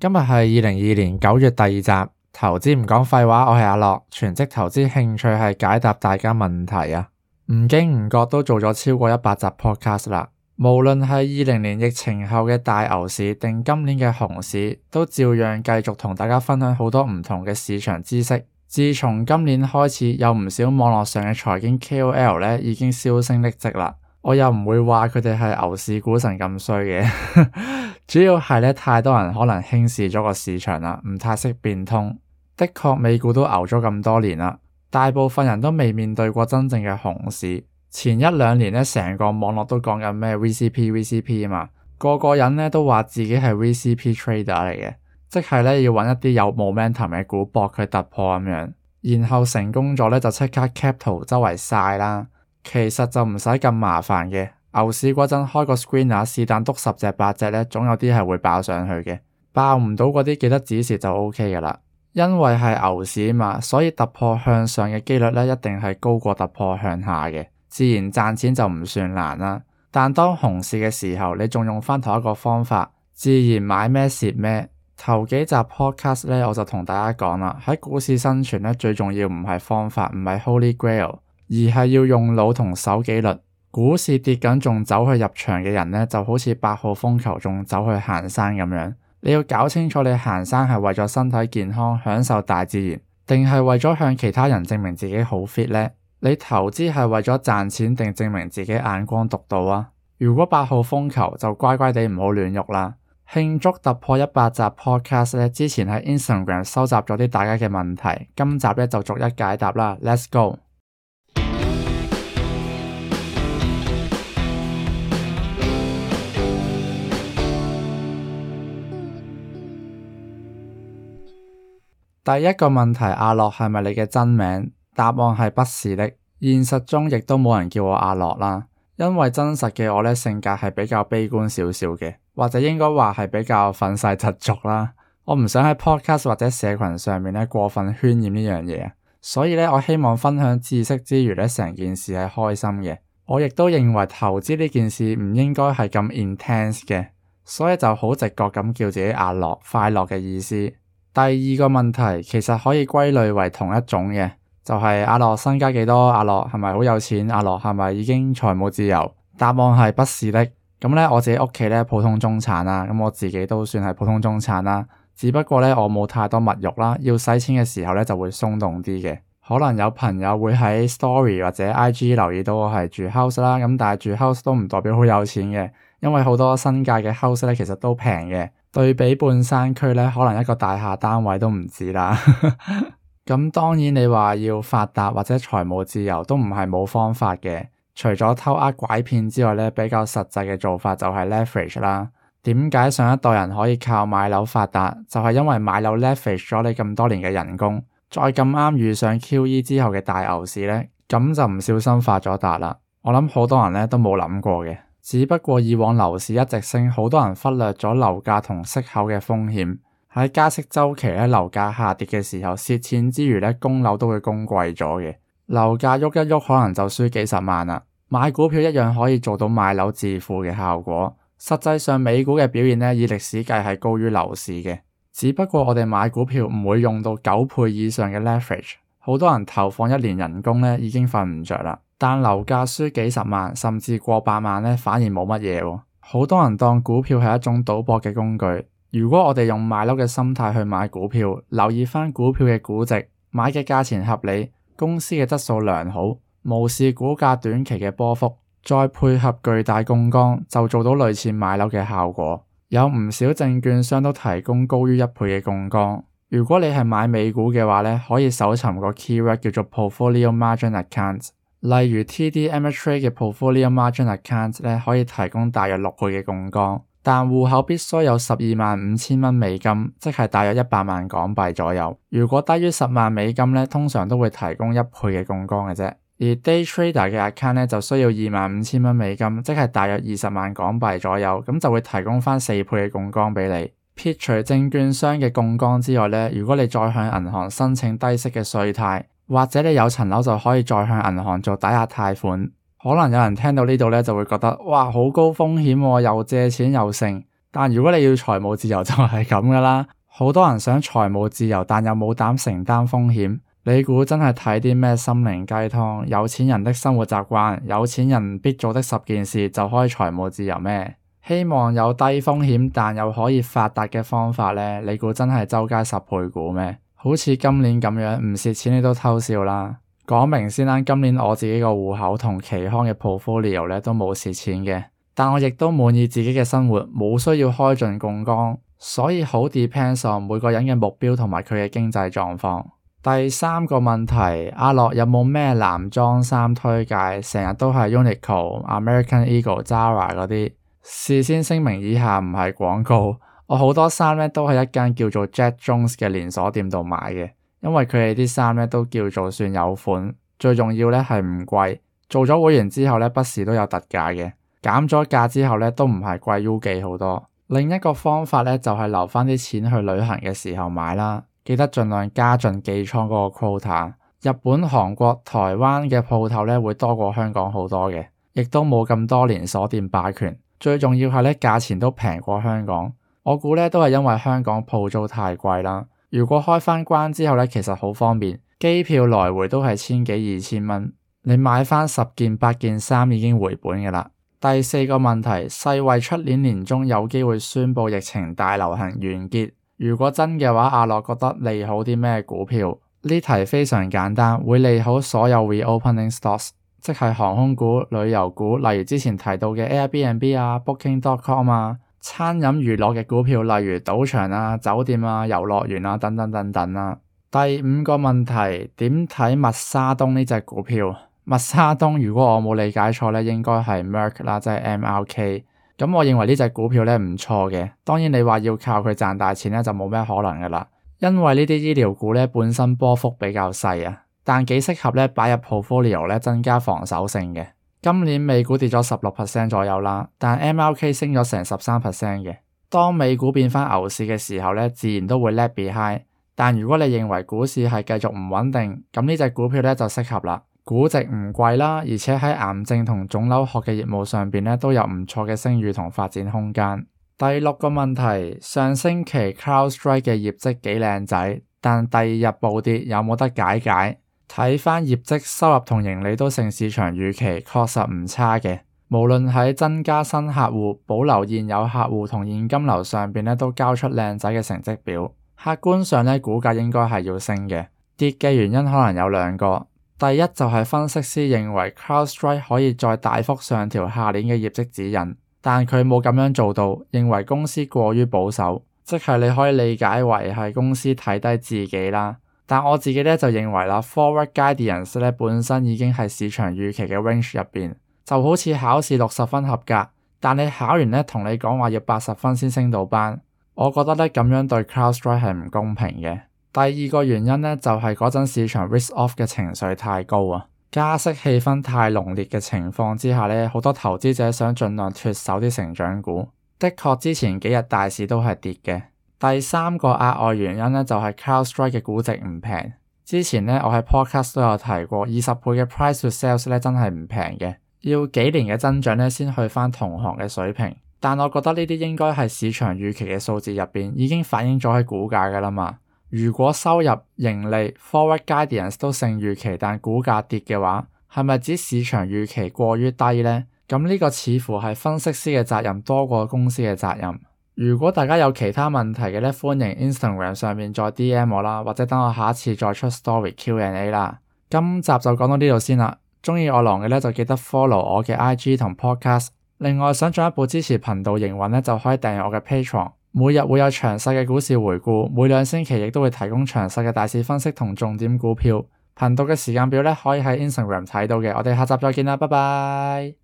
今日係二零二二年九月第二集，投資唔講廢話，我係阿樂，全職投資興趣係解答大家問題啊，唔經唔覺都做咗超過一百集 podcast 啦，無論係二零年疫情後嘅大牛市，定今年嘅熊市，都照樣繼續同大家分享好多唔同嘅市場知識。自從今年開始，有唔少網絡上嘅財經 KOL 呢已經銷聲匿跡啦。我又唔會話佢哋係牛市股神咁衰嘅，主要係呢太多人可能輕視咗個市場啦，唔太識變通。的確，美股都牛咗咁多年啦，大部分人都未面對過真正嘅熊市。前一兩年呢，成個網絡都講緊咩 VCP VCP 嘛，個個人呢都話自己係 VCP Trader 嚟嘅，即係呢要揾一啲有 momentum 嘅股博佢突破咁樣，然後成功咗呢就即刻 cap 圖周圍晒啦。其實就唔使咁麻煩嘅，牛市嗰陣開個 screener 是但督十隻八隻咧，總有啲係會爆上去嘅。爆唔到嗰啲記得止蝕就 OK 噶啦。因為係牛市嘛，所以突破向上嘅幾率咧一定係高過突破向下嘅，自然賺錢就唔算難啦。但當熊市嘅時候，你仲用翻同一個方法，自然買咩蝕咩。頭幾集 podcast 咧，我就同大家講啦，喺股市生存咧，最重要唔係方法，唔係 Holy Grail。而係要用腦同守紀律，股市跌緊仲走去入場嘅人呢，就好似八號風球仲走去行山咁樣。你要搞清楚，你行山係為咗身體健康、享受大自然，定係為咗向其他人證明自己好 fit 呢？你投資係為咗賺錢，定證明自己眼光獨到啊？如果八號風球，就乖乖地唔好亂喐啦。慶祝突破一百集 podcast 呢，之前喺 Instagram 收集咗啲大家嘅問題，今集咧就逐一解答啦。Let's go！第一個問題，阿樂係咪你嘅真名？答案係不是的，現實中亦都冇人叫我阿樂啦。因為真實嘅我咧，性格係比較悲觀少少嘅，或者應該話係比較憤世嫉俗啦。我唔想喺 podcast 或者社群上面咧過分渲染呢樣嘢，所以咧我希望分享知識之餘咧成件事係開心嘅。我亦都認為投資呢件事唔應該係咁 intense 嘅，所以就好直覺咁叫自己阿樂，快樂嘅意思。第二個問題其實可以歸類為同一種嘅，就係阿樂身家幾多？阿樂係咪好有錢？阿樂係咪已經財務自由？答案係不是的。咁咧我自己屋企咧普通中產啦，咁我自己都算係普通中產啦。只不過咧我冇太多物慾啦，要使錢嘅時候咧就會鬆動啲嘅。可能有朋友會喺 Story 或者 IG 留意到我係住 house 啦，咁但係住 house 都唔代表好有錢嘅，因為好多新界嘅 house 咧其實都平嘅。對比半山區咧，可能一個大廈單位都唔止啦。咁當然你話要發達或者財務自由，都唔係冇方法嘅。除咗偷呃拐騙之外咧，比較實際嘅做法就係 leverage 啦。點解上一代人可以靠買樓發達？就係因為買樓 leverage 咗你咁多年嘅人工，再咁啱遇上 QE 之後嘅大牛市咧，咁就唔小心發咗達啦。我諗好多人咧都冇諗過嘅。只不過以往樓市一直升，好多人忽略咗樓價同息口嘅風險。喺加息周期咧，樓價下跌嘅時候，蝕錢之餘咧，供樓都會供貴咗嘅。樓價喐一喐，可能就輸幾十萬啦。買股票一樣可以做到買樓致富嘅效果。實際上美股嘅表現咧，以歷史計係高於樓市嘅。只不過我哋買股票唔會用到九倍以上嘅 leverage，好多人投放一年人工咧，已經瞓唔着啦。但樓價輸幾十萬甚至過百萬呢，反而冇乜嘢。好多人當股票係一種賭博嘅工具。如果我哋用買樓嘅心態去買股票，留意翻股票嘅估值、買嘅價錢合理、公司嘅質素良好，無視股價短期嘅波幅，再配合巨大槓桿，就做到類似買樓嘅效果。有唔少證券商都提供高於一倍嘅槓桿。如果你係買美股嘅話呢，可以搜尋個 keyword 叫做 portfolio margin account。例如 TD Ameritrade 嘅 Portfolio Margin Account 咧，可以提供大約六倍嘅槓桿，但戶口必須有十二萬五千蚊美金，即係大約一百萬港幣左右。如果低於十萬美金咧，通常都會提供一倍嘅槓桿嘅啫。而 Day Trader 嘅 account 就需要二萬五千蚊美金，即係大約二十萬港幣左右，咁就會提供翻四倍嘅槓桿俾你。撇除證券商嘅槓桿之外咧，如果你再向銀行申請低息嘅稅貸。或者你有層樓就可以再向銀行做抵押貸款，可能有人聽到呢度呢，就會覺得哇好高風險喎，又借錢又剩。但如果你要財務自由就係咁噶啦，好多人想財務自由但又冇膽承擔風險。你估真係睇啲咩心靈雞湯？有錢人的生活習慣，有錢人必做的十件事就可以財務自由咩？希望有低風險但又可以發達嘅方法呢？你估真係周街十倍股咩？好似今年咁樣唔蝕錢，你都偷笑啦。講明先啦，今年我自己個戶口同期刊嘅 portfolio 咧都冇蝕錢嘅，但我亦都滿意自己嘅生活，冇需要開盡槓桿，所以好 depends on 每個人嘅目標同埋佢嘅經濟狀況。第三個問題，阿樂有冇咩男裝衫推介？成日都係 Uniqlo、American Eagle、Zara 嗰啲。事先聲明，以下唔係廣告。我好多衫呢都喺一間叫做 Jack & Jones 嘅連鎖店度買嘅，因為佢哋啲衫呢都叫做算有款，最重要呢係唔貴。做咗會員之後呢，不時都有特價嘅，減咗價之後呢都唔係貴 U 記好多。另一個方法呢就係留翻啲錢去旅行嘅時候買啦，記得盡量加進寄倉嗰個 quota。日本、韓國、台灣嘅鋪頭呢會多過香港好多嘅，亦都冇咁多連鎖店霸權，最重要係呢價錢都平過香港。我估咧都係因為香港鋪租太貴啦。如果開翻關之後咧，其實好方便，機票來回都係千幾二千蚊，你買翻十件八件衫已經回本㗎啦。第四個問題，世衛出年年中有機會宣布疫情大流行完結，如果真嘅話，阿樂覺得利好啲咩股票？呢題非常簡單，會利好所有 reopening stocks，即係航空股、旅遊股，例如之前提到嘅 Airbnb 啊、Booking.com 啊。餐飲娛樂嘅股票，例如賭場啊、酒店啊、遊樂園啊等等等等啊。第五個問題，點睇默沙東呢隻股票？默沙東如果我冇理解錯咧，應該係 Merck 啦，即係 MRK。咁我認為呢隻股票咧唔錯嘅。當然你話要靠佢賺大錢咧，就冇咩可能噶啦。因為呢啲醫療股咧本身波幅比較細啊，但幾適合咧擺入 portfolio 咧增加防守性嘅。今年美股跌咗十六 percent 左右啦，但 MLK 升咗成十三 percent 嘅。當美股變翻牛市嘅時候咧，自然都會叻比嗨。但如果你認為股市係繼續唔穩定，咁呢隻股票咧就適合啦。估值唔貴啦，而且喺癌症同腫瘤學嘅業務上邊咧都有唔錯嘅聲譽同發展空間。第六個問題，上星期 CrowdStrike 嘅業績幾靚仔，但第二日暴跌有冇得解解？睇返業績，收入同盈利都成市場預期，確實唔差嘅。無論喺增加新客戶、保留現有客戶同現金流上面都交出靚仔嘅成績表。客觀上呢，股價應該係要升嘅。跌嘅原因可能有兩個，第一就係分析師認為 CrowdStrike 可以再大幅上調下年嘅業績指引，但佢冇咁樣做到，認為公司過於保守，即係你可以理解為係公司睇低自己啦。但我自己咧就認為啦，Forward Guidance 咧本身已經喺市場預期嘅 range 入邊，就好似考試六十分合格，但你考完咧同你講話要八十分先升到班，我覺得咧咁樣對 CrowdStrike 係唔公平嘅。第二個原因咧就係嗰陣市場 risk off 嘅情緒太高啊，加息氣氛太濃烈嘅情況之下咧，好多投資者想盡量脫手啲成長股，的確之前幾日大市都係跌嘅。第三個額外原因呢，就係 CrowdStrike 嘅估值唔平。之前呢，我喺 Podcast 都有提過，二十倍嘅 Price to Sales 真係唔平嘅，要幾年嘅增長咧先去返同行嘅水平。但我覺得呢啲應該係市場預期嘅數字入邊已經反映咗喺股價㗎啦嘛。如果收入、盈利、Forward Guidance 都勝預期，但股價跌嘅話，係咪指市場預期過於低咧？咁呢個似乎係分析師嘅責任多過公司嘅責任。如果大家有其他問題嘅咧，歡迎 Instagram 上面再 D M 我啦，或者等我下次再出 Story Q&A 啦。今集就講到呢度先啦。中意我狼嘅呢，就記得 follow 我嘅 IG 同 Podcast。另外，想進一步支持頻道營運呢，就可以訂閱我嘅 Patreon。每日會有詳細嘅股市回顧，每兩星期亦都會提供詳細嘅大市分析同重點股票。頻道嘅時間表呢，可以喺 Instagram 睇到嘅。我哋下集再見啦，拜拜。